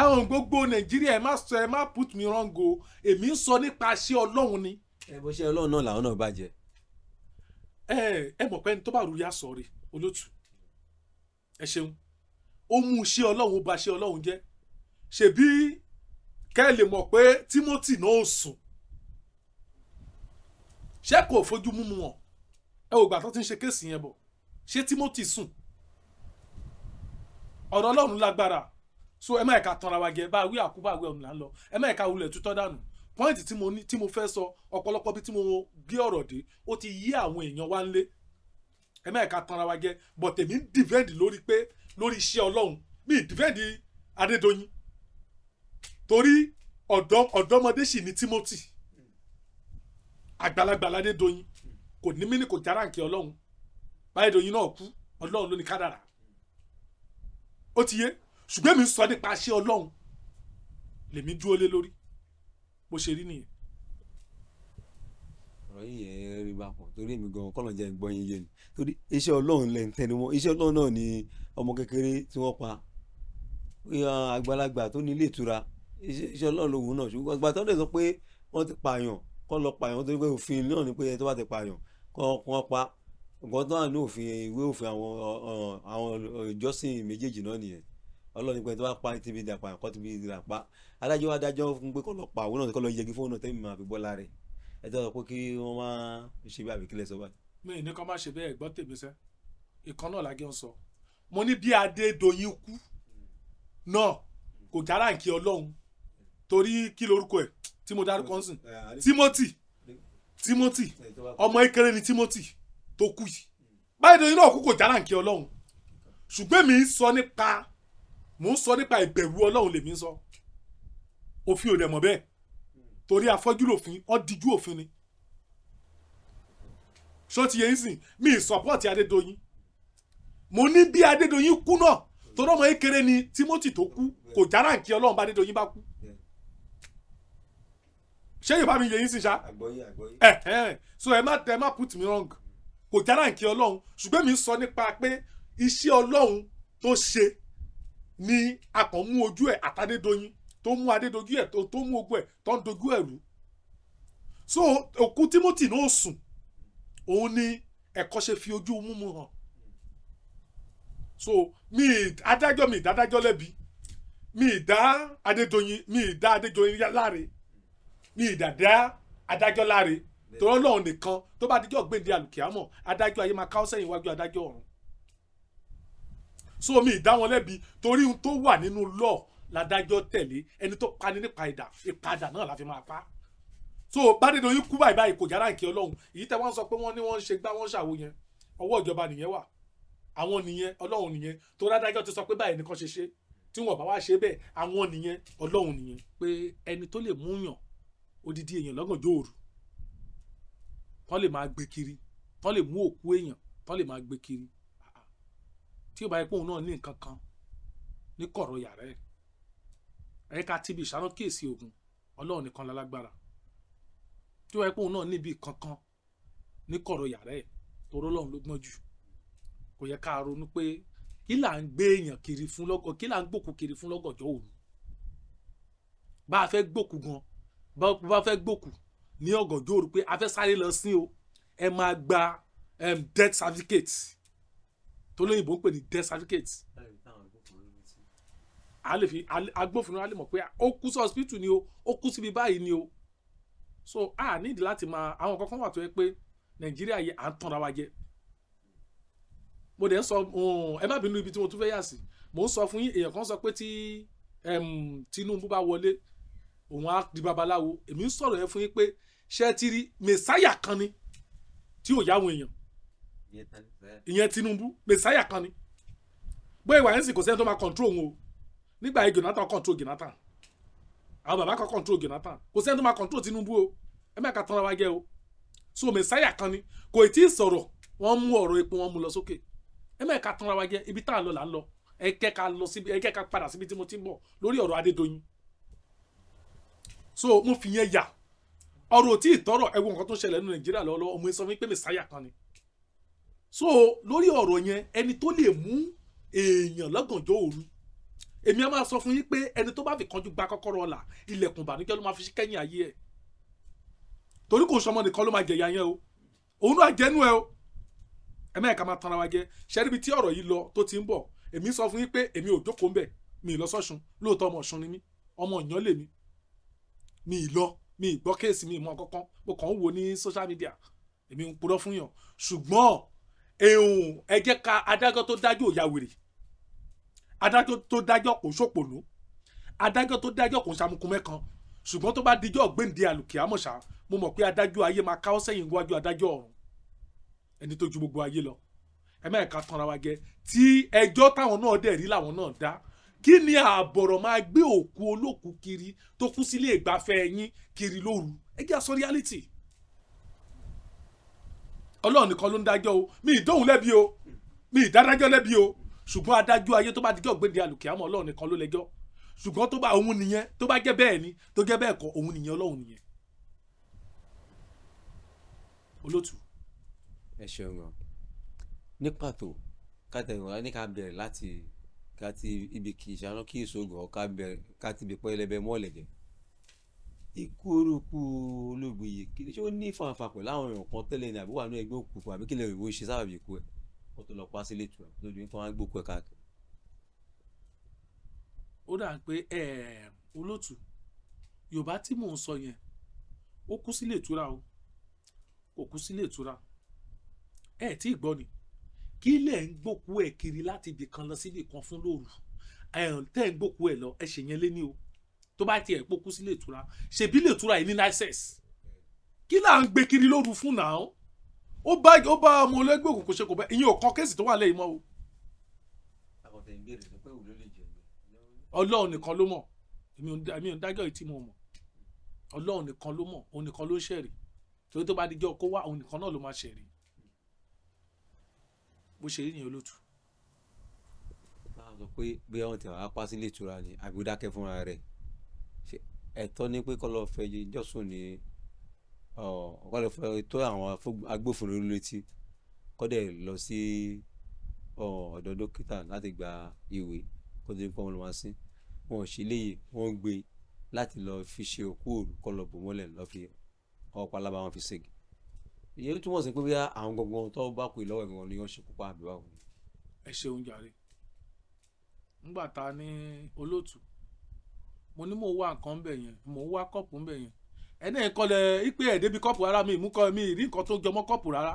ẹ̀hún gbogbo nàìjíríà ẹ má sọ ẹ má put me wrong o èmi ń sọ nípa ṣé ọlọ́run ni. ẹ bó ṣe ọlọ́run náà làwọn náà bàjẹ́. ẹ ẹ mọ̀ pé ní tó bá rúyà sọ rè olótù ẹ ṣeun ó mú ṣé ọlọ́run ba ṣé ọlọ́run jẹ́ ṣebí kẹ́ ẹ lè mọ̀ pé timothy náà ò sùn ṣé kò fojú mú mu wọn ẹ ò gbà tó ti ń ṣe kéèsì yẹn bọ̀ ṣé timothy sùn ọ̀rọ̀ ọlọ́run lágbára so ẹ má ẹ̀ka tanra wa jẹ báwí àkúbà wí ọ̀nà lọ ẹ má ẹ̀ka wulẹ̀ tútọ́ dànù pọ́ìntì tí mo ní tí mo fẹ́ sọ ọ̀pọ̀lọpọ̀ bí tí mo gbé ọ̀rọ̀ dé ó ti yí àwọn èèyàn wá ńlé ẹ má ẹ̀ka tanra wa jẹ but èmi ń dìvẹ́ǹdì lórí pé lórí iṣẹ́ ọlọ́run mi ń adédọ́yìn torí ọ̀dọ́mọdé sì ni Timothy àgbàlagbà ládédọ́yìn kò ní mí kò jára nkè ọlọ́run báyìí dọ́yìn náà kú ọlọ́run ló ní kádàrà ó ti yé ṣùgbọ́n mi sọ nípa ṣé ọlọ́run lèmi dúró lé lórí bó ṣe rí nìyẹn. ọ̀rọ̀ yìí yẹn rí bákan torí èmi gan-an kọ́nà jẹ́ ìgbọ́n yín yé mi torí iṣẹ́ ọlọ́run lẹ̀ ń tẹnu mọ́ iṣẹ́ ọlọ́run náà ni ọmọ kékeré tí wọ́n pa àgbàlagbà tó ní ilé ìtura iṣẹ́ ọlọ́run lòun náà ṣùgbọ́n àgbà tó lè sọ pé wọ́n ti pààyàn kọ́ lọ pààyàn torí pé òfin náà ni pé ẹ tó bá ti pààyàn kọ́ wọ́n pa nǹkan tó wà ní òfin ìwé òfin àwọn ìjọsìn méjèèjì náà nìyẹn ọlọ́ni pé tó bá pa ti bí dàpá kọ́ ti bí adájọ́ wa dájọ́ fún pé kọ́ lọ pa òun náà kọ́ lọ yẹgi fóònù tẹ́mi máa fi bọ́ láre ẹ tẹ́ sọ pé kí wọ́n máa ṣe bí àbíkílẹ̀ sọ báyìí. mi ì ní kán má ṣe bẹ́ẹ̀ gbọ́ tèmi sẹ́ ìkan náà lágé ń sọ mo ní bí Adédoyin kú náà kò jára nkí Ọlọ́run torí kí lorúkọ ẹ̀ tí mo dárúkọ ń sìn Timothy Timothy ọmọ ìkéré ni Timothy tó kú yìí báyìí Adédoyin náà kú kò jára nkí Ọlọ́run ṣùgbọ́n mi sọ nípa mò ń sọ nípa ìbẹ̀rù ọlọ́run lèmi ń sọ òfin ò dẹ̀ mọ̀ bẹ́ẹ̀ torí afọ́jú lòfin ọ́ dijú òfin ni ṣó ti yẹ ń sìn mí sọpọ́ọ̀tì adédoyin mo ní bí adédoyin kú náà torí ọmọ ékeré ni timothy tó kú kò jára nkí ọlọ́run bá adédoyin bá kú ṣé yorùbá mi yẹ yín sìn ṣá so ẹ má ẹ má put me wrong kò jára nkí ọlọ́run ṣùgbọ́n mi sọ nípa pé iṣẹ́ ọlọ́run tó ṣe ni a kàn mú ojú ẹ̀ àtàdédoyin tó mú adédojú ẹ̀ tó mú ogun ẹ̀ tó ń dojú ẹ̀ rú so òkú Timothy náà sùn òun ni ẹ̀kọ́ ṣe fi ojú múmu hàn so mi adájọ́ mi ìdádájọ́ lẹ́bi mi ìdá adédoyin mi ìdá adédoyin láre mi ìdàdá adájọ́ láre torí ọlọ́run nìkan tó bá díjọ́ gbèǹde àlùkìyàmọ̀ adájọ́ ayé máa káwọ́ sẹ́yìn iwájú adájọ́ ọ̀run so mi ìdá wọn lẹ́bi torí ohun tó wà nínú law ládájọ́ tẹ̀lé ẹni tó pani nípa ìdà ìpadà náà la fi máa pa so Bádédoyin kú báyìí báyìí kò jára ìkẹ́ ọlọ́run èyí tẹ́ wọ́n sọ pé wọ́n ní wọ́n ń ṣe gbá wọ́n ṣàwo yẹn ọwọ́ ìjọba nìyẹn wà àwọn nìyẹn ọlọ́run nìyẹn tó ládájọ́ ti sọ pé báyìí nìkan ṣe ṣe tí wọn bá wá ṣe bẹ́ẹ̀ àwọn nìyẹn ọlọ́run nìyẹn pé ẹni tó lè múyàn odidi èèyàn lọ́gànjọ́ òru tán lè máa gbé kiri tán lè mú òkú èèyàn tán lè máa gbé kiri tí ó bá yẹ pé òun náà ní nǹkan kan ní kọ̀rọ̀ yàrá ẹ̀ ẹ̀ka ti ibi ìṣáná kíyèsí ogun ọlọ́run nìkan lálágbára tí ó yẹ pé òun náà níbi kankan ní kọ̀rọ̀ yàrá ẹ̀ toró ọlọ́run ló gbọ́n jù kò yẹ ká ronú pé kí là ń gbé èèyàn kiri fún lọ́gọ̀ kí là ń gbòkú kiri fún lọ́gọ̀jọ́ òru bá a fẹ́ gbòkú gan bá a fẹ́ gbòkú ní ọ̀gànjọ́ òru pé a fẹ́ sáré lọ sí o ẹ máa gba death certificate tó lóyìnbó ń pè ní death certificate a lè fi agbófinró a lè mọ̀ pé ah, ó kú sí hospital ni o ó kú síbi báyìí ni o so a nídìí láti máa àwọn kankan wà tó yẹ pé nàìjíríà yẹ à ń tanra wa jẹ mo dẹ̀ ń sọ ẹ má bínú ibi tí mo tún fẹ́ yà sí mo ń sọ fún yín èèyàn kan sọ pé tí Tinubu bá wọlé òun á di babaláwo èmi ń sọ̀rọ̀ yẹn fún yín pé ṣé ti rí mẹ̀sáyà kan ni tí ò yáwọn èèyàn ìyẹn Tinubu mẹsáyà kan ni bóyá ìwà yẹn sì kò sẹ́ni tó máa control òun o nígbà yẹn Jonathan control Jonathan àwọn bàbá kan control Jonathan kò sẹ́ni tó máa control Tinubu o ẹ mẹ́ka tán wa jẹ́ o so mẹsáyà kan ni kò tí ì sọ̀rọ̀ wọ́n mú ọ̀rọ̀ epo wọn mú lọ sókè ẹ mẹ́ka tán wa jẹ́ ibi tá à ń lọ là ń lọ ẹ kẹ́ padà síbi tí mo ti ń bọ̀ lórí ọ̀rọ̀ Adédoyin so mo fi yẹn yà ọ̀rọ̀ tí ì tọrọ ẹ wo nǹkan tó ń ṣẹlẹ̀ nínú Nàìjíríà lọ́wọ́lọ́wọ́ ọmọ ẹ pé mẹsáyà kan ni so lórí ọ̀rọ̀ yẹn ẹni tó lè mú èèyàn lọ́gànjọ́ òru èmi á máa sọ fún yín pé ẹni tó bá fi kanjú gba kọ́kọ́rọ́ ọ̀la ilẹ̀kùn ìbànújẹ́ ló máa fi sí kẹ́yìn ayé ẹ̀ torí kò sọmọ nìkan ló máa jẹ̀yà yẹn o òun náà jẹ́nu ẹ o ẹ mẹ́ẹ̀ ká máa tanra wa jẹ ṣẹ́ríbi tí ọ̀rọ̀ yìí lọ tó ti ń bọ̀ èmi sọ fún yín pé èmi ò jókòó ń bẹ̀ mi ì lọ sọ́ṣun lóòótọ́ ọmọ ọ̀ṣun ni mí ọmọ ìyàn lèmi mi lọ mi gbọ́ kéèsì mi ì mọ mo kàn ń wo ní social media èmi ń purọ́ fún yàn ṣùgbọ́n ehun ẹ jẹ́ ká adájọ́ tó dájọ́ ò ya wèrè adájọ́ tó dájọ́ kò ṣòpònú adájọ́ tó dájọ́ kò ṣàmùkùn mẹ́kan ṣùgbọ́n tó bá dijọ́ gbéǹde àlùkìyàmọ̀ṣá mo mọ̀ pé adájọ́ ayé máa káwọ́ sẹ́yìn iwájú adájọ́ ọ̀run ẹni tó ju gbogbo ayé lọ ẹ má ẹ̀ka tanra wa jẹ tí ẹjọ́ táwọn náà dẹ̀ rí làwọn náà dá kí ni àbọ̀rọ̀ máa gbé òkú olókùú kiri tó kú sílé ìgbafẹ́ yín kiri lóru ẹ jẹ́ àsọ reality ọlọ́run nìkan ló ń dájọ́ o mi ìdóhùn lẹ́bi o mi ìdádájọ́ lẹ́bi o ṣùgbọ́n adájọ́ ayé tó bá dijọ́ gbèdé àlùkìyàmọ́ ọlọ́run nìkan ló lẹ́jọ́ ṣùgbọ́n tó bá òun nìyẹn tó bá jẹ́ bẹ́ẹ̀ ni tó jẹ́ bẹ́ẹ̀ kọ́ òun nìyẹn ọlọ́run nìyẹn. olótù. ẹ ṣeun gan ní pàtó kátẹ̀wọ̀n ní ká bẹ̀rẹ̀ láti ká ti ibi kì í ṣàánú kí ìṣògùn ọ̀ ká bẹ̀rẹ̀ ká ti bẹ̀pẹ́ ẹlẹ́bẹ̀ ikú orúkú olóògbé yìí kí ṣé ó ní fanfa pẹ̀lú àwọn èèyàn kan tẹ́lẹ̀ ní àbí wà ní ẹgbẹ́ òkùnkùn àbí kílẹ̀ òyìnbó ṣe sábàbí ikú ẹ̀ kó tó lọ pa sílé tù ẹ̀ lójú nípa wọn gbókù ẹ̀ káàkiri. ó dà pé olótù yorùbá tí mò ń sọ yẹn ó kú sílé ìtura o kò kú sílé ìtura ẹ tí ì gbọ́ ni kí lẹ̀ ń gbókù ẹ̀ kiri láti ibì kan lọ síbì kan fún lóru ẹ̀ tẹ́ ń gbókù ẹ̀ lọ ẹ̀ ṣèyẹn lé ní o tó bá tiẹ̀ pokú sí ilé ìtura ṣèbí ilé ìtura yìí ní nices kí là ń gbé kiri lóru fún náà ó bá ó bá ọmọ ọlẹ́gbẹ́ òkùnkùn ṣe kò bẹ́ẹ̀ ìyẹn ò kan kéèsì tó wà lẹ́yìn mọ́ o. ọlọ́run nìkan ló mọ̀ èmi ò ń dájọ́ ìtì mo mọ̀ ọlọ́run nìkan ló mọ̀ òun nìkan ló ń ṣẹ̀rí torí tó bá dijọ́ kó wá òun nìkan náà ló máa ṣẹ̀rí bó ṣe rí nìyẹn olótù. báwo sọ pé bí wọn ti wàá pa sílé ìtura ni àbí ó dákẹ́ fúnra rẹ̀ ẹ̀tọ́ ní pé kọ́ lọ́ọ́ fẹ́ jọ́sùn ní kọ́ lọ́ọ́ fẹ́ tó àwọn agbófinró létí kọ́ dẹ̀ lọ sí ọ̀dọ̀ dókítà láti gba ìwé kó tó ní pọ́n lọ́wọ́ sí wọn ò ṣe léyè wọn ń gbé láti lọ fi ṣe òkú òru kọ́ lọ́ọ́ bò mọ́lẹ̀ lọ́ọ́ fi ọ̀pá alábà wọn fi ṣègì ìyẹn túmọ̀ sí pé bí àwọn gbọ̀ngàn tó bá kú ìlọ́wọ́ ìgbọ̀ngàn ni wọ́n ṣe kópa àbí wàhùn. ẹ ṣeun jàre ńgbà ta ni olóòtú mo ní mo wá nǹkan ńbẹ yẹn mo wá kọ́ọ̀pù ńbẹ yẹn ẹni ìkọlẹ̀ ìpè ẹ̀ débi kọ́ọ̀pù rárá mi ìmúkọ mi ìrí nǹkan tó jọmọ́ kọ́ọ̀pù rárá.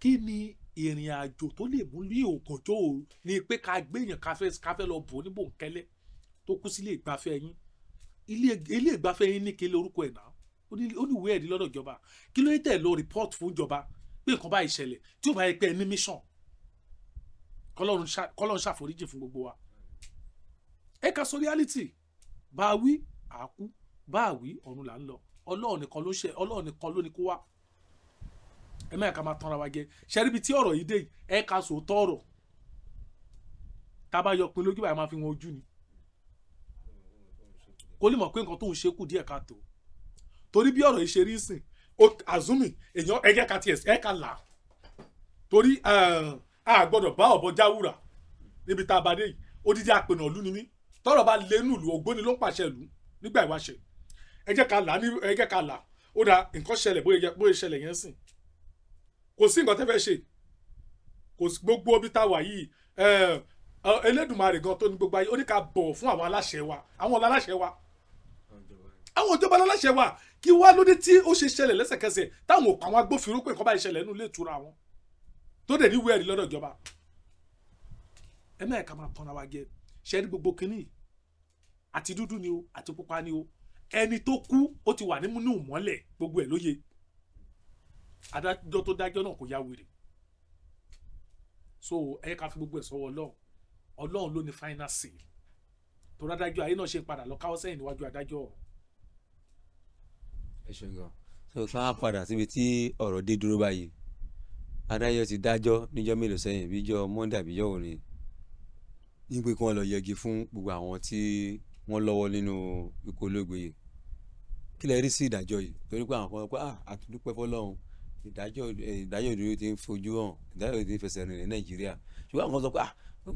kí ni ìrìn àjò tó lè mú ní ògànjọ́ òru ni pé ká gbé èèyàn ká fẹ́ lọ bò níbò nkẹ́lẹ́ tó kú sílé ìgbafẹ́ yín ilé ìgbafẹ́ yín ní kí lórúkọ ẹ̀ náà ó ní ìwé ẹ̀rí lọ́dọ̀ ìjọba kí ló tẹ̀ lọ report fún ìjọba pé nǹkan bá ìṣẹ̀lẹ̀ tí ó bá yẹ pé ẹ mission kọ́lọ́run ṣàforíjì fún gbogbo wa ẹ kà sọ reality bá a wí àákú bá a wí ọ̀run là ń lọ ọlọ́run nìkan ló ṣe ọlọ́run nìkan ló ní kó wá ẹ má yà ká máa tanra wa jẹ ṣẹ́ríbi tí ọ̀rọ̀ yìí dé ẹ kà sòótọ́ ọ̀rọ̀ yọ pin lójú báyìí máa fi wọn ojú ni kó lè mọ̀ pé nǹkan tó ń ṣe kù díẹ̀ ká tó torí bí ọ̀rọ̀ yìí ṣe rí sìn azumi èèyàn ẹ̀jẹ̀ ká tiẹ̀ ẹ̀ ká là torí a gbọ́dọ̀ bá ọ̀bọ jáwúrà níbi tá a bá dé yìí odidi àpènà ọ̀lú ni mí tọ́rọ̀ bá lé nù lù ògbóni ló ń pàṣẹ ìlú nígbà ìwáṣẹ ẹ jẹ́ ká là ní ẹ jẹ́ ká là ó dà nǹkan ṣẹlẹ̀ bóyá ṣẹlẹ̀ yẹn sìn kò sí nǹkan tẹ́ fẹ́ ṣe kò sí gbogbo ibi tá a wà yìí Elédùmarè gan tó ní gbogbo ayé ó ní ká bọ̀ fún àwọn aláṣẹ wa àwọn aláṣẹ wa àwọn ìjọba aláṣẹ wa kí wá lóde tí ó ṣe ṣẹlẹ̀ lẹ́sẹ̀kẹsẹ̀ táwọn àwọn agbófinró pé nǹkan bá ìṣẹ̀lẹ̀ nínú ilé wọn tó dẹ̀ ní wẹ́ẹ̀rí lọ́dọ̀ ìjọba ẹ mẹ́ẹ̀ka máa tanra wa jẹ ṣe ní gbogbo kínní àti dúdú ni o àti pupa ni o ẹni tó kú ó ti wà nínú ìmọ́lẹ̀ gbogbo ẹ̀ lóye adájọ́ tó dájọ́ náà kò yá wèrè so ẹ ká fi gbogbo ẹ̀ sọ́wọ́ ọlọ́run ọlọ́run ló ní final say tó dájọ́ ayé náà ṣe ń padà lọ káwọ́ sẹ́yìn níwájú adájọ́ ọ̀hún ẹ ṣeun gan so ká wá padà síbi tí ọ̀rọ̀ dé dúró báyìí adájọ́ ti dájọ́ níjọ́ mélòó sẹ́yìn bíjọ́ monday àbíjọ́ òní ní pé kí wọ́n lọ yẹgi fún gbogbo àwọn tí wọ́n lọ́wọ́ nínú ikú olóògbé yìí kí lẹ rí sí ìdájọ́ yìí torí pé àwọn kan sọ pé àtúndúpẹ́ ah, fọlọ́run ìdájọ́ ìdájọ́ ìdúró ti ń fojú hàn ìdájọ́ ìdúró ti ń fẹsẹ̀ rìn ní nàìjíríà ṣùgbọ́n àwọn kan sọ pé ah, pé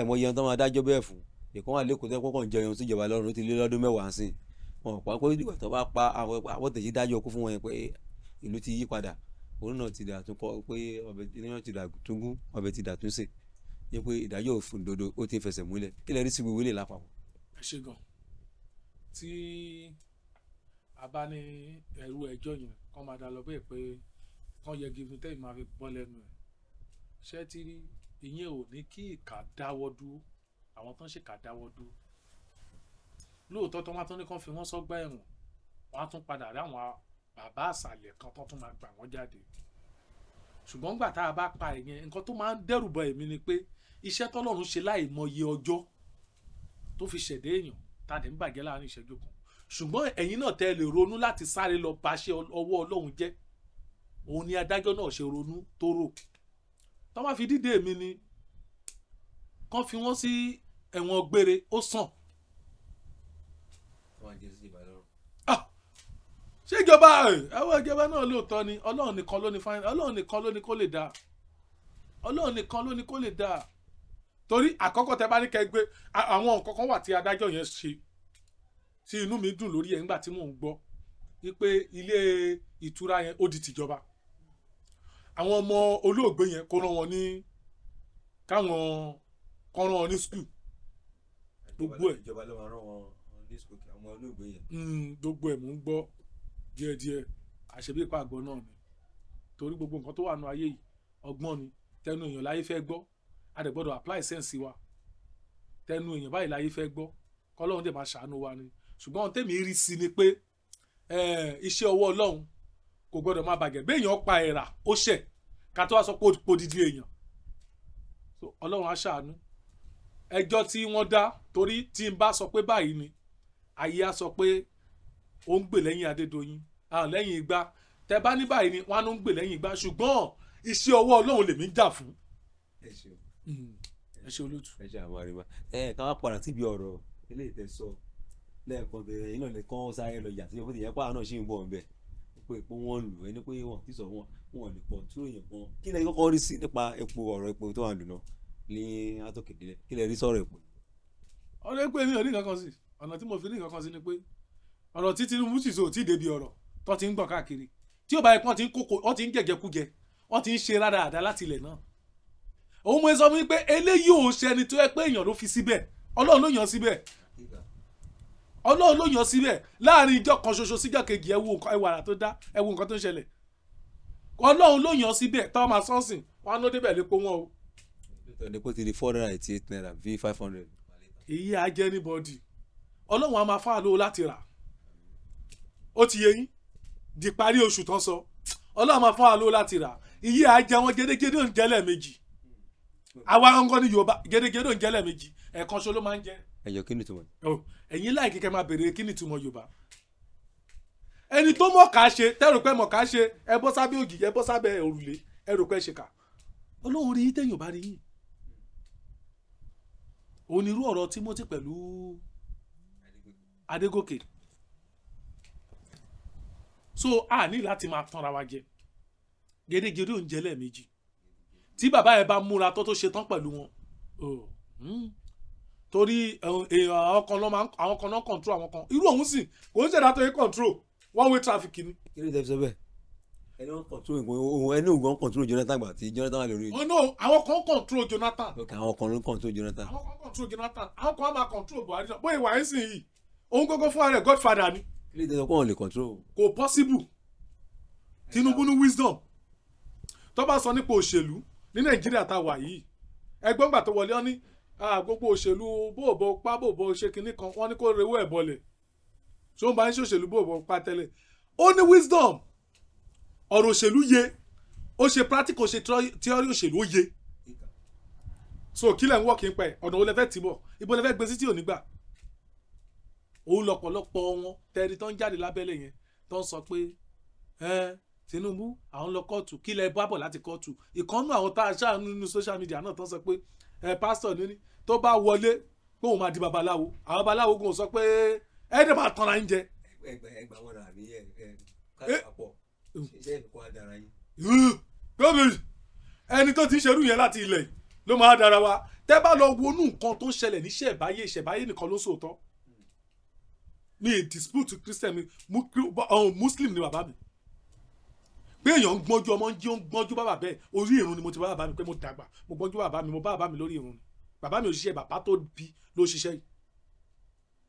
àìmọye ohun tó máa dájọ́ bẹ́ẹ̀ fún ìkan wà lẹ́kọ̀ọ́ tẹ́kọ̀ọ́ kàn jẹun sí ìjọba lọ́rùn ó ti lé lọ́dún mẹ́wàá sí wọn pa pé ìgbà tó bá pa àwọn tẹ̀sí dájọ́ kú fún wọn pé ìlú ìdájọ́ ẹ ṣe gan tí a bá ní ẹrú ẹjọ́ yẹn kán máa dá lọ bẹ́ẹ̀ pé kán yẹ gígun tẹ́yìn máa fi bọ́ lẹ́nu ẹ̀ ṣé ti rí ìyẹn ò ní kí ìkà dáwọ́ dúró àwọn tán ṣèkà dáwọ́ dúró lóòótọ́ tó wá tán ní kán fi wọ́n sọ́gbà ẹ̀wọ̀n wọ́n á tún padà rí àwọn bàbá àṣàlẹ̀ kan tán tún máa gbà wọ́n jáde ṣùgbọ́n gbà tá a bá pa ìyẹn nǹkan tó máa ń dẹ́rù bọ èmi ni pé iṣẹ́ tọ́lọ́run ṣe láì mọye ọjọ́ tó fi ṣẹ̀dá èèyàn tá a dẹ̀ ń bàjẹ́ láàrin ìṣẹ́jú kan ṣùgbọ́n ẹ̀yin náà tẹ́ lè ronú láti sáré lọ bàṣẹ ọwọ́ ọlọ́run jẹ́ òun ni adájọ́ náà ṣe ronú tó rò tó fi dídé mi ni kán fi wọ́n sí ẹ̀wọ̀n gbére ó sàn. Ah! ṣé ìjọba ìjọba náà lóòótọ́ ni ọlọ́run nìkan ló ní kó lè dáa ọlọ́run nìkan ló ní kó lè dáa torí àkọ́kọ́ tẹ bá ní kẹgbẹ àwọn nǹkan kan wà tí adájọ́ yẹn ṣe tí inú mi dùn lórí ẹ̀ ńgbà tí mò ń gbọ́ wípé ilé ìtura yẹn ó di tìjọba àwọn ọmọ olóògbé yẹn kó rán wọn ní káwọn kan rán wọn ní skul gbogbo ẹ̀ ìjọba ló máa rán wọn ní skul kí àwọn olóògbé yẹn. Hmm, gbogbo ẹ̀ mò ń gbọ́ díẹ̀díẹ̀ àṣebí ìpàgọ́ náà ni torí gbogbo nǹkan tó wà nù ayé yìí ọgbọ́n ni tẹnu èèyàn láyé fẹ́ gbọ́ a dẹ̀ gbọ́dọ̀ apply sense wa tẹnu èèyàn báyìí láyé fẹ́ gbọ́ kọ́lọ́run dẹ̀ máa ṣàánú wa ni ṣùgbọ́n tèmi rí sí ni pé iṣẹ́ ọwọ́ ọlọ́run kò gbọ́dọ̀ má bàjẹ́ béèyàn pa ẹ̀rà ó ṣẹ̀ ká tó wá sọ pé ó didi èèyàn ọlọ́run á ṣàánú ẹjọ́ tí wọ́n dá torí tí n bá sọ pé báyìí ni ayé á sọ pé ó ń gbè lẹ́yìn adédoyin àwọn lẹ́yìn igba tẹ bá ní báyìí ni wọ́n á ń gbè lẹ́yìn igba ṣùgbọ́n iṣẹ́ ọwọ́ ọlọ́run lèmi ń jà fún. ẹ ṣeun ẹ ṣe olóòtú. ẹ ṣe àwọn àríwá ẹ ká wá padà síbi ọ̀rọ̀ ilé ìtẹ̀sọ lẹ́ẹ̀kan bẹ̀rẹ̀ yìí náà lè kọ́ sáré lọ yàtí ọ̀pọ̀ ìyẹn pààrọ̀ náà ṣì ń bọ̀ ń pé epo wọn lù ẹni pé wọn kì sọ wọn wọn lè pọ̀ tó yẹn gan. kí lẹ kọ́kọ́ rí sí nípa epo ọ̀rọ̀ epo tó wà lùnà ní atọ́kẹ̀dẹ́lẹ̀ kí lẹ rí sọ̀rọ̀ epo. ọ̀rọ̀ epo èmi ò ní kankan sí ọ̀nà tí mo fi ní kankan sí ni pé ọ̀rọ̀ tí Tinubu sì so ò tí ì débi ọ̀rọ̀ tó ti ń gbọ̀n káàkiri tí ó bá yẹ pé wọ́n ti ń jẹ̀jẹ̀kújẹ wọ́n ti ń ṣe rádaràda láti ilẹ̀ náà òun mo sọ fún yín pé eléyìí ò ṣe ẹni tó yẹ pé èèyàn ló fi síbẹ̀ ọlọ́run ló yàn síbẹ̀ ọlọ́run ló yàn síbẹ̀ láàrin ìjọ kan ṣoṣo síjọ kejì ẹ wo nǹkan ẹwàrà tó dá ẹ wo nǹkan tó ń ṣẹlẹ̀ ọlọ́run ló yàn síbẹ̀ táwọn máa sọ́ọ̀sìn wọn ló débẹ̀ lépo wọn o. lépo ti di four hundred and eighty eight naira bíi five hundred. èyí á jẹ́ anybody ọlọ́run á máa fáà lówó láti rà ó ti yé di parí oṣù tán sọ ọlọ́run á máa fáà lówó láti rà iye á wọn gédégédé òǹjẹ́lẹ̀ méjì àwa ọ̀ngọ́ ní yorùbá gédégédé ò ń jẹ́lẹ̀ méjì ẹ̀ẹ̀kan ṣo ló máa ń jẹ́. ẹ̀yọ́ kí ni ìtumọ̀. ẹ̀yin láì kíkẹ́ máa bèrè kí ni ìtumọ̀ yorùbá. ẹni tó mọ̀ ká ṣe tẹ́rù pé mọ̀ ká ṣe ẹ bọ́ sábẹ́ ògì ẹ bọ́ sábẹ́ òrùlé ẹ rò pé ṣe kà. ọlọ́run rí tẹ̀yìn ò rí yín. onírú ọ̀rọ̀ Timothy pẹ̀lú Adégòkè. so a ní láti máa tanra wa jẹ gédégédé ń jẹ́lẹ̀ méjì tí bàbá yẹn bá múra tó tó ṣe tán pẹ̀lú wọn hmm. torí eh, eh, àwọn kan náà àwọn kan náà control àwọn kan irú òun sì kò ń ṣẹ̀dá tó yẹ control one way traffic ni. kí ló dé fi sọ bẹ́ẹ̀ ẹni wọn control ẹni wọn control Jonathan gbà tí Jonathan wà lórí. oh àwọn kan control Jonathan. ok àwọn kan ló control Jonathan. àwọn kan control Jonathan àwọn kan máa control Buhari náà bóyá ìwà yín sì yìí òun gbogbo fún ara rẹ̀ godfather ni. ilé ìdájọ́ kó wọn lè control. kò possible Tinubu ní wisdom tó bá sọ nípa òṣèlú ní nàìjíríà tá a wà yìí ẹgbọ́n gbà tó wọlé wọn ní gbogbo òṣèlú bóòbó pa bóòbó ṣe kinní kan wọn ní kó rewó ẹ̀ bọlẹ̀ tó ń bá ń ṣe òṣèlú bóòbó pa tẹ́lẹ̀ ó ní wisdom ọ̀rọ̀ òṣèlú yé ó ṣe practical ṣe theory òṣèlú ó yé so kílẹ̀ ń wọ̀ kí n pẹ̀ ọ̀nà wo lẹ fẹ́ tì bọ̀ ibo lẹ fẹ́ gbé sí tí ò ní gbà òun lọ̀pọ̀lọpọ̀ wọn tẹ́rí tó ń jáde lábẹ́lẹ̀ yẹn tó ń sọ pé ẹ́ẹ́ Tinubu àwọn lọ kóòtù kí lẹ bá bọ̀ láti kóòtù ìkànnù àwọn tá a ṣáà nínú social media náà tán sọ pé ẹ pásítọ̀ ní tó bá wọlé pé òun máa di babaláwo àwọn babaláwo gùn sọ pé ẹ ẹ dẹ̀ máa tanra ń jẹ. ẹgbẹ ẹgbà wọn rà mí ẹ ẹ káàkiri àpọ ṣiṣẹ ìkọ adara yìí. gómìn ẹni tó ti ṣerú yẹn láti ilẹ̀ ló máa dára wa tẹ́ bá lọ wonú nǹkan tó ń ṣẹlẹ̀ ní ṣẹ̀báyé ṣẹ̀báyé nìkan ló sòótọ́ mi dispute christian mi muslim ni bàbá mi pé èèyàn ń gbọ́njú ọmọ ń jí ó ń gbọ́njú bá bàbá orí ìrun ni mo ti bá bàbá mi pé mo dàgbà mo gbọ́njú bàbá mi mo bá bàbá mi lórí ìrun ni bàbá mi ò ṣiṣẹ́ bàbá tó bí ló ṣiṣẹ́ yìí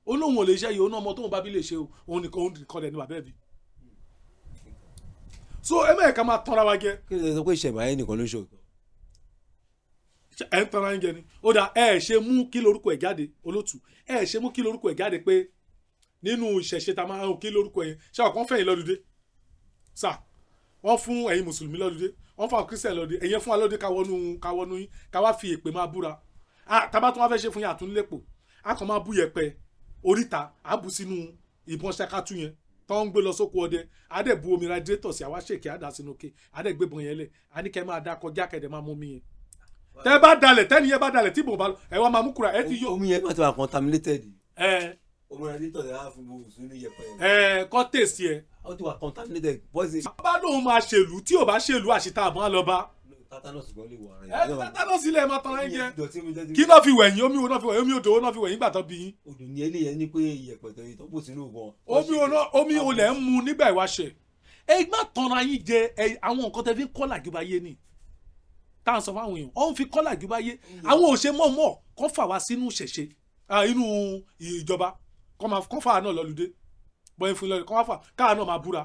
ó ò lè ṣe yìí ó ná ọmọ tóun bá bí lè ṣe o òun nìkan òun nìkan dẹ̀ ni bàbá ẹ̀ bí. so ẹ mẹ́ẹ̀ ká máa tanra wa jẹ. kí ló sọ pé ìṣẹ̀báyé nìkan ló ń ṣòótọ́. ẹ ń tanra jẹ ni ó dà ẹ ṣe mú kí lorúkọ ẹ jáde wọ́n fún ẹ̀yin mùsùlùmí lọ́dúndé wọ́n fún àwọn kírísítẹ̀ lọ́dúndé ẹ̀yin fún wa lọ́dúndé ká wọnú ká wọnú yín ká wá fi èpè máa búra tábà tó wá fẹ́ ṣe fún yín àtúnlẹ́pọ̀ á kàn máa bú yẹpẹ oríta á bù sínú ìbọn ṣakátú yẹn tó ń gbé lọ sóko ọdẹ á dẹ̀ bu omi radiator sí àwa ṣèké á dà sínú òkè á dẹ̀ gbébọn yẹn lẹ̀ á ní kẹ́ máa dá kọjá kẹ́dẹ̀ máa mú mi yẹn tẹ́ bá dalẹ̀ tẹ́ni bá dalẹ̀ tí bò bá lọ ẹ̀ máa mú kura ẹ ti yọ. omi yẹn máa ti ẹ omoraditọ ni a fi bo òsùn ní yẹpẹ. ẹ kọ́ tèsí ẹ. ó ti wà contaminated poison. bá lóun máa ṣèlú tí ò bá ṣèlú àṣìta àbọ̀ lọ́ba. tatanus gbọ́ lè wọ ara yẹn. ẹ tatanus ilẹ̀ máa tan ẹyẹ. kí náà fi wẹ̀yìn omi wo náà fi wẹ̀yìn omi odò wo náà fi wẹ̀yìn gbàtọ́ bí yín. odò ní eléyẹ ni pé iyẹ̀pẹ̀ tó yìí tó bò sínú bọ̀. omi olè ah. ń mu nígbà ìwáṣẹ̀. ẹ má tanra yín jẹ àwọn nǹkan tẹ fi kọ́là gbígbá yé ni tá à ń sọ fáwọn èèyàn ọ̀hún fi kọ́là gbígbá yé mm. àwọn òṣèmọ̀ọ́mọ̀ kọ́ fà wá sínú ìṣẹ̀ṣe inú ìjọba kọ́ fà náà lọ́lùdé bọ́yìn fún lọ́lùdé kọ́ fà káà náà máa búra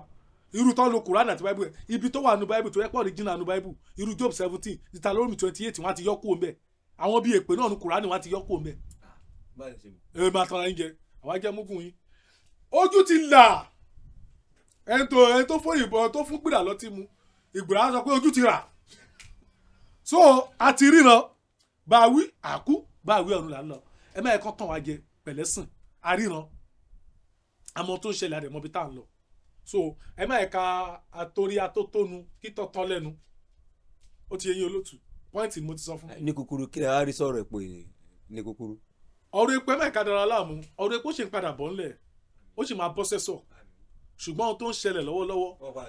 irú tán lo Quran àti bible ibi tó wà nu bible tó yẹ pọ̀ original nu bible irú job seventeen Deuteronomy twenty eight wọ́n ti yọ kúrò mbẹ̀ àwọn bíi èpè náà nu Quran wọ́n ti yọ kúrò mbẹ̀. ẹ máa tọ́ra yín jẹ àwa jẹ́ mú fún yín. ojú ti là ẹni tó ẹni tó fún ìbọn tó fún gbìrà lọ́tí mu ìgbìrà sọ pé ojú ti rà so a ti ríran bá a wí àkú bá a wí ọ̀run là ń lọ ẹ má yẹ kán tàn wá jẹ pẹ̀lẹ́sìn àríran àmọ́ tó ń ṣẹlẹ̀ àdẹ̀mọ́ bí tá à ń lọ so ẹ má ẹ̀ka àtòrí atótónu kítọ́ tán lẹ́nu ó ti yẹyin olótù pọ́ìntì mo ti sọ fún. ní kúkúrú kí ni a rí sọ̀rọ̀ èpò yìí ní kúkúrú. ọ̀rọ̀ epo ẹ má ẹ̀ka dára láàmú ọ̀rọ̀ epo ṣe ń padà bọ̀ ńlẹ̀ ó sì máa bọ́ sẹ́sọ̀ ṣùgbọ́n ohun tó ń ṣẹlẹ̀ lọ́wọ́lọ́wọ́.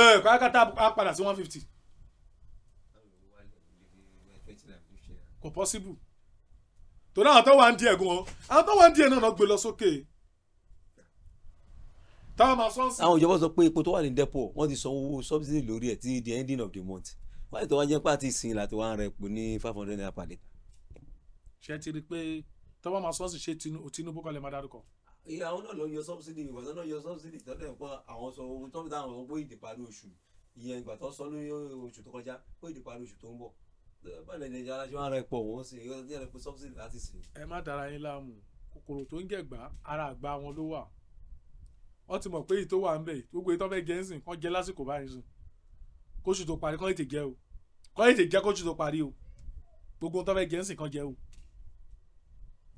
ẹ kọ́kátá a padà sí one fifty. kò possible torí àwọn tó wà ń díẹ̀ gan àwọn tó wà ń díẹ̀ náà gbé lọ sókè táwọn máa sọ́ọ̀sì. àwọn ìjọba sọ pé epo tó wà ní depo wọ́n ti san owó subsidy lórí ẹ̀ títí di ending of the month wọ́n ti tọ́ wá jẹ́ pé àti ìsìn láti wá ń rẹ epo ní five hundred naira per litre. ṣé ti rí pé tọ́wọ́ máa sọ́ọ̀sì ṣe Tinubu kọ́ máa dárúkọ ìyá àwọn náà lọ yọ sọbsidi ìgbà tó náà yọ sọbsidi tọ́lẹ̀ pọ̀ àwọn sọ ohun tó ń dáhùn ó ìdìparí oṣù ìyẹn ìgbà tó sọ ní oṣù tó kọjá ó ìdìparí oṣù tó ń bọ̀ báyìí nàìjíríà aláṣẹ wọn rẹ pọ wọn sí i yóò rẹ pé subsidy láti sìn. ẹ má dara yín láàmú kòkòrò tó ń jẹ̀gbá ara àgbà wọn ló wà wọ́n ti mọ̀ pé èyí tó wà ń bẹ̀ gbogbo èyí tó fẹ́ gẹ́ ń sìn kán jẹ́ lásìkò báyìí sùn kóṣù tó parí kán lè tè jẹ́ o kán lè tè jẹ́ kóṣù tó parí o gbogbo tó fẹ́ gẹ́ ń sìn kán jẹ́ o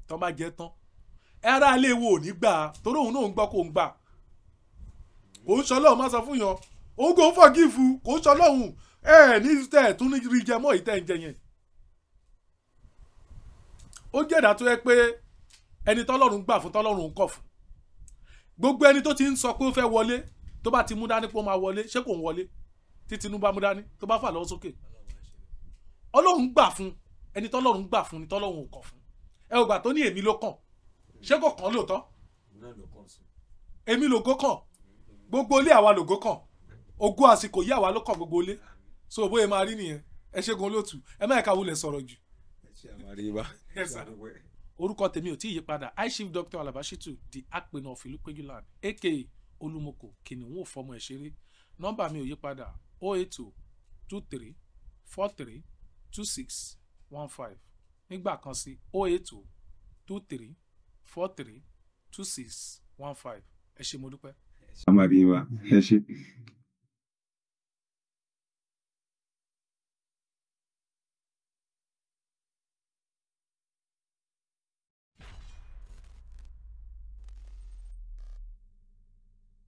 tán bá jẹ́ tán ẹ̀rá ilé wo ò ní gbà á torí òun náà ń gbọ́ kó ń gbà kò ń sọ lọ́hùn má sọ fún yan òun kò ń fọ̀gífù kò ń sọ lọ́hùn ẹ ní tẹ tún ní rí jẹ mọ́ yìí tẹ ń jẹ yẹn ó jẹ́ ìdá tó yẹ pé ẹni tọ́lọ́run gbà fún tọ́lọ́run ń kọ̀ fún gbogbo ẹni tó ti ń sọ pé ó fẹ́ wọlé tó bá ti mú dání pé ó máa wọlé ṣé kò ń wọlé tí Tinubu mú dání tó bá fà lọ́wọ́ sókè Ọlọ́run gbà fún ẹni tọ́lọ́run gbà fún ni tọ́lọ́run kọ̀ fún ẹ ò gbà tó ní èmi ló kàn ṣé kò kàn lóòótọ́ èmi lògó kàn gbogbo ilé àwa lògó kàn ogún àsìkò yí àwa ló kàn gbogbo ilé so bóyá máa rí nìyẹn ẹ ṣe gan olóòtú ẹ má ẹka wulẹ̀ sọ̀rọ̀ jù. ẹ ṣe àmàríyá. ẹ sà orúkọ tèmi ò tí ì yí padà i chief doctor alabashitu di apẹnà ọ̀fìlúpẹ́jù land aka olúmọkò kìnìún òfọmọ ẹ̀ ṣeré nọ́mbà mi ò yí padà 08023432615 nígbà kan sí 08023432615 ẹ ṣé mo dúpẹ́. ẹ ṣé àmàríyá ẹ ṣé.